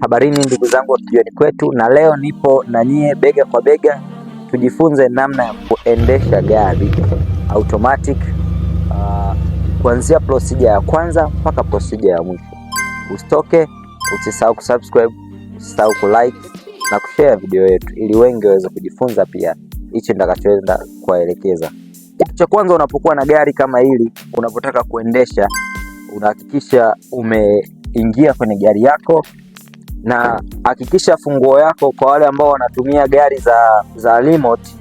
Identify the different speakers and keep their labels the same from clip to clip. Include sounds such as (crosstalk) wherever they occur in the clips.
Speaker 1: Habarini ndugu zangu wa Kijiweni Kwetu, na leo nipo na nyie bega kwa bega, tujifunze namna ya kuendesha gari automatic uh, kuanzia procedure ya kwanza mpaka procedure ya mwisho. Usitoke, usisahau kusubscribe, usisahau kulike na kushare video yetu ili wengi waweze kujifunza pia hichi nitakachoenda kuwaelekeza. Kitu cha kwanza, unapokuwa na gari kama hili, unapotaka kuendesha, unahakikisha umeingia kwenye gari yako na hakikisha funguo yako, kwa wale ambao wanatumia gari za za remote,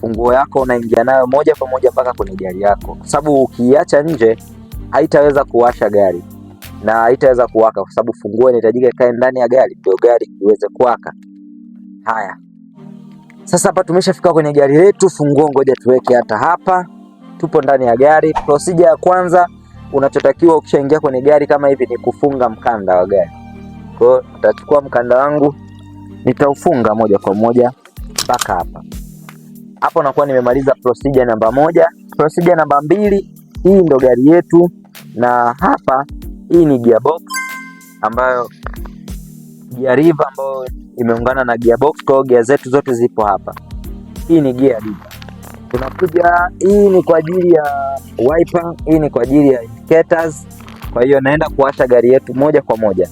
Speaker 1: funguo yako unaingia nayo moja kwa moja mpaka kwenye gari yako, kwa sababu ukiiacha nje haitaweza kuwasha gari na haitaweza kuwaka, kwa sababu funguo inahitajika ikae ndani ya gari ndio gari iweze kuwaka. Haya, sasa hapa tumeshafika kwenye gari letu, funguo ngoja tuweke hata hapa. Tupo ndani ya gari. Procedure ya kwanza unachotakiwa ukishaingia kwenye gari kama hivi ni kufunga mkanda wa gari kwa hiyo nitachukua mkanda wangu nitaufunga moja kwa moja mpaka hapa. Hapo nakuwa nimemaliza procedure namba moja. Procedure namba mbili, hii ndo gari yetu, na hapa hii ni gearbox ambayo gear river ambayo imeungana na gearbox. Kwa hiyo gear zetu zote zipo hapa. Hii ni gear river. Tunakuja, hii ni kwa ajili ya wiper, hii ni kwa ajili ya indicators. Kwa hiyo naenda kuwasha gari yetu moja kwa moja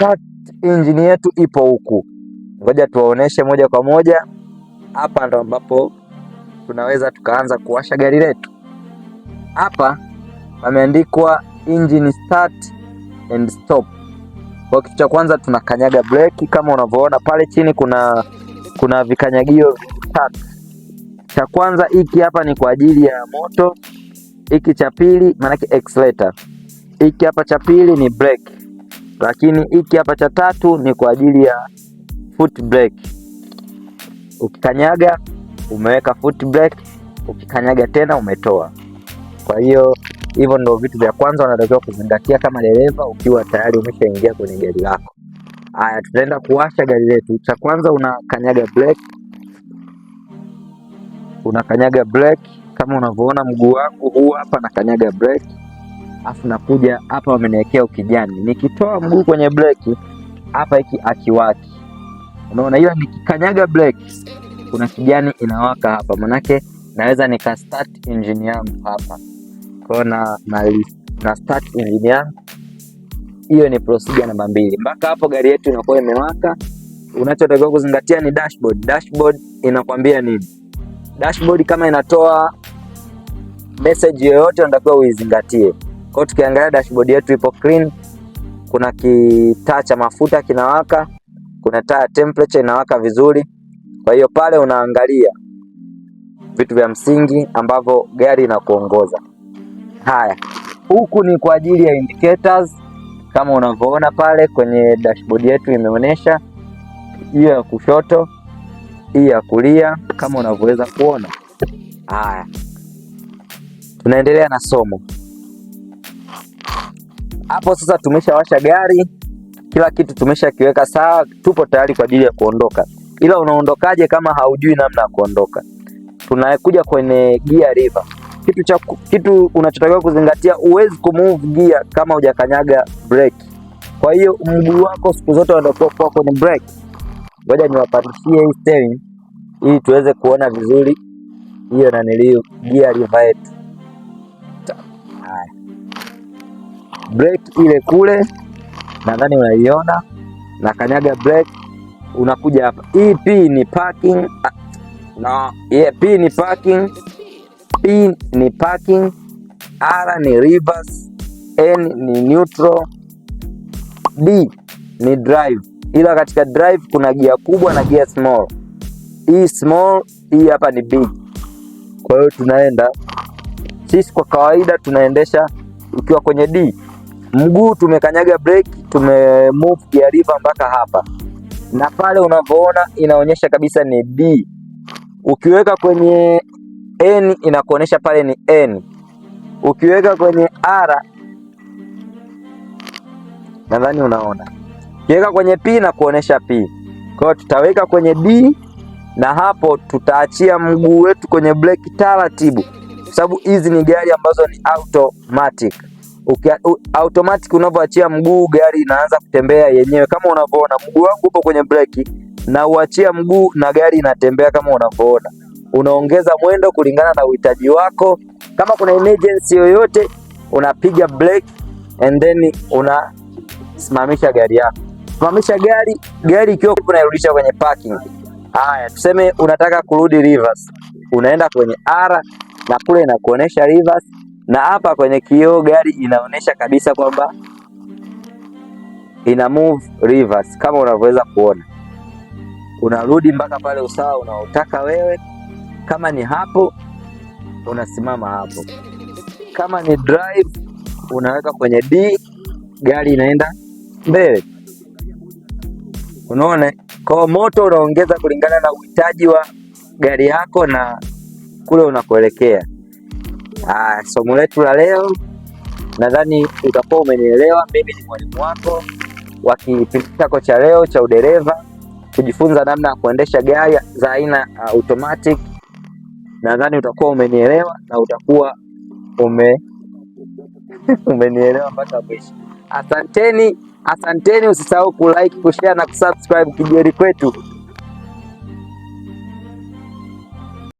Speaker 1: start engine yetu ipo huku. Ngoja tuwaoneshe moja kwa moja, hapa ndo ambapo tunaweza tukaanza kuwasha gari letu. Hapa pameandikwa engine start and stop. Kwa kitu cha kwanza tunakanyaga breki kama unavyoona pale chini, kuna kuna vikanyagio vitatu. Cha kwanza hiki hapa ni kwa ajili ya moto, hiki cha pili maanake accelerator, hiki hapa cha pili ni breki lakini hiki hapa cha tatu ni kwa ajili ya foot brake. Ukikanyaga umeweka foot brake, ukikanyaga tena umetoa. Kwa hiyo hivyo ndio vitu vya kwanza unatakiwa kuzingatia kama dereva ukiwa tayari umeshaingia kwenye gari lako. Haya, tutaenda kuwasha gari letu. Cha kwanza unakanyaga brake, unakanyaga brake kama unavyoona mguu wangu huu hapa, nakanyaga brake afu nakuja hapa, wameniwekea ukijani, nikitoa mguu kwenye breki hapa, hiki akiwaki, unaona hiyo, nikikanyaga breki kuna kijani inawaka hapa, manake naweza nika start engine yangu hapa kwa na, na, na start engine yangu. Hiyo ni procedure namba mbili. Mpaka hapo gari yetu inakuwa imewaka. Unachotakiwa kuzingatia ni dashboard. Dashboard inakwambia nini? Dashboard kama inatoa message yoyote, unatakiwa uizingatie. Kwa tukiangalia dashboard yetu ipo clean, kuna kitaa cha mafuta kinawaka, kuna taa temperature inawaka vizuri. Kwa hiyo pale unaangalia vitu vya msingi ambavyo gari inakuongoza. Haya, huku ni kwa ajili ya indicators kama unavyoona pale kwenye dashboard yetu imeonyesha hiyo ya kushoto, hii ya kulia kama unavyoweza kuona. Haya, tunaendelea na somo. Hapo sasa tumeshawasha gari, kila kitu tumeshakiweka sawa, tupo tayari kwa ajili ya kuondoka. Ila unaondokaje kama haujui namna ya kuondoka? Tunakuja kwenye gia lever. Kitu cha kitu unachotakiwa kuzingatia, uwezi kumove gia kama hujakanyaga brake. Kwa hiyo mguu wako siku zote unatakiwa kuwa kwenye brake. Ngoja niwapandishie hii steering ili tuweze kuona vizuri hiyo naniliu gia lever yetu. break ile kule, nadhani unaiona, na kanyaga break, unakuja hapa. Hii P ni parking ah, no, yeah, P ni parking, P ni parking, R ni reverse, N ni neutral, D ni drive, ila katika drive kuna gia kubwa na gia small. Hii small, hii hapa ni big. Kwa hiyo tunaenda sisi, kwa kawaida tunaendesha ukiwa kwenye D mguu tumekanyaga break, tume move gear lever mpaka hapa, na pale unavyoona inaonyesha kabisa ni D. Ukiweka kwenye N inakuonyesha pale ni N, ukiweka kwenye R nadhani unaona, ukiweka kwenye P inakuonyesha P. Kwa hiyo tutaweka kwenye D na hapo tutaachia mguu wetu kwenye break taratibu, kwa sababu hizi ni gari ambazo ni automatic automatic unavyoachia mguu gari inaanza kutembea yenyewe kama unavyoona. Mguu wangu upo kwenye breki na uachia mguu na gari inatembea kama unavyoona. Unaongeza mwendo kulingana na uhitaji wako. Kama kuna emergency yoyote, unapiga breki and then unasimamisha gari yako. Simamisha gari, gari ikiwa unairudisha kwenye parking. Haya, tuseme unataka kurudi reverse, unaenda kwenye R na kule inakuonesha reverse na hapa kwenye kioo gari inaonyesha kabisa kwamba ina move reverse, kama unavyoweza kuona, unarudi mpaka pale usawa unaotaka wewe. Kama ni hapo, unasimama hapo. Kama ni drive, unaweka kwenye D, gari inaenda mbele. Unaona, kwa moto unaongeza kulingana na uhitaji wa gari yako na kule unakoelekea. Ah, somo letu la leo nadhani utakuwa umenielewa. Mimi ni mwalimu wako wa kipindi chako cha leo cha udereva, kujifunza namna ya kuendesha gari za aina uh, automatic. Nadhani utakuwa umenielewa na utakuwa ume (laughs) umenielewa mpaka mwisho. Asanteni, asanteni, usisahau kulike, kushare na kusubscribe kijeri Kwetu.